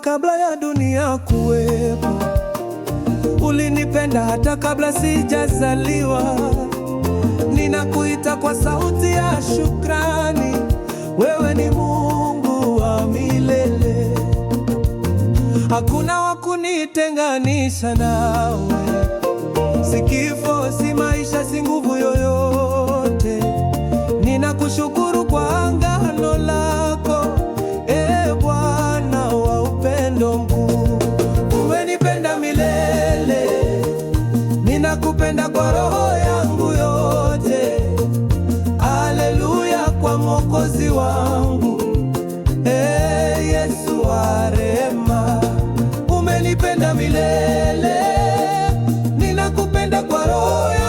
kabla ya dunia kuwepo, ulinipenda hata kabla sijazaliwa. Ninakuita kwa sauti ya shukrani, wewe ni Mungu wa milele, hakuna wa kunitenganisha nawe. Si kifo, si maisha, si nguvu yoyote, ninakushukuru roho yangu yote, aleluya kwa mwokozi wangu. Ee Yesu wa rehema, umenipenda milele, ninakupenda kwa roho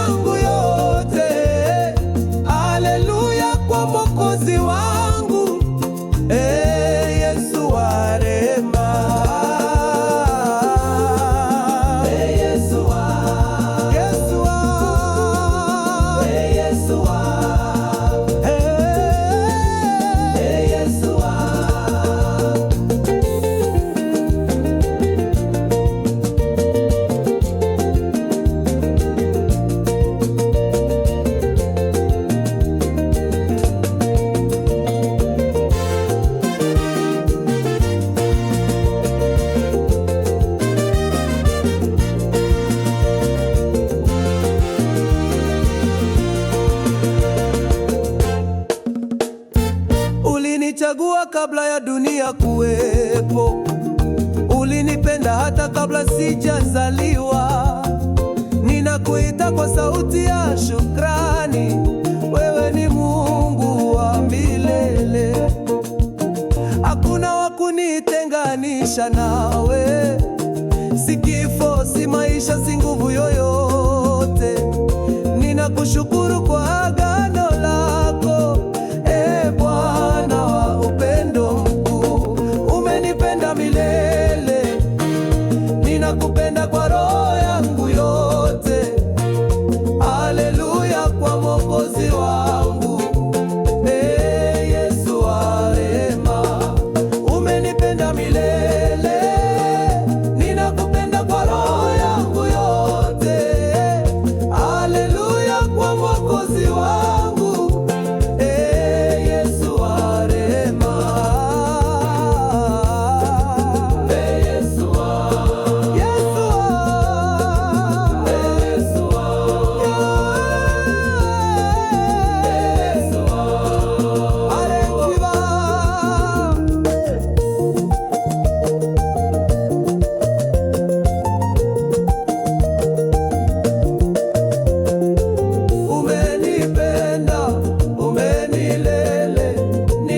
Ulinichagua kabla ya dunia kuwepo, ulinipenda hata kabla sijazaliwa. Ninakuita kwa sauti ya shukrani, wewe ni Mungu wa milele, hakuna wa kunitenganisha nawe.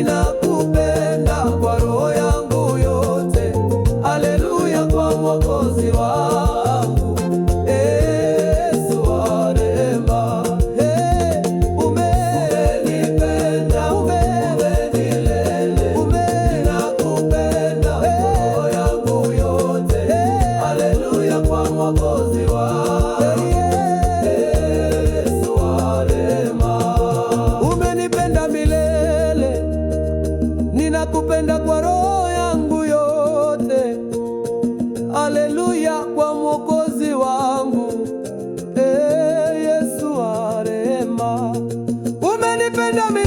ninakupenda kwa roho yangu yote, haleluya kwa mwokozi wangu Yesu wa rehema. Umenipenda ninakupenda roho yangu yote, kwa mwokozi wangu nakupenda kwa roho yangu yote. Aleluya kwa Mwokozi wangu, e Yesu wa rehema, umenipenda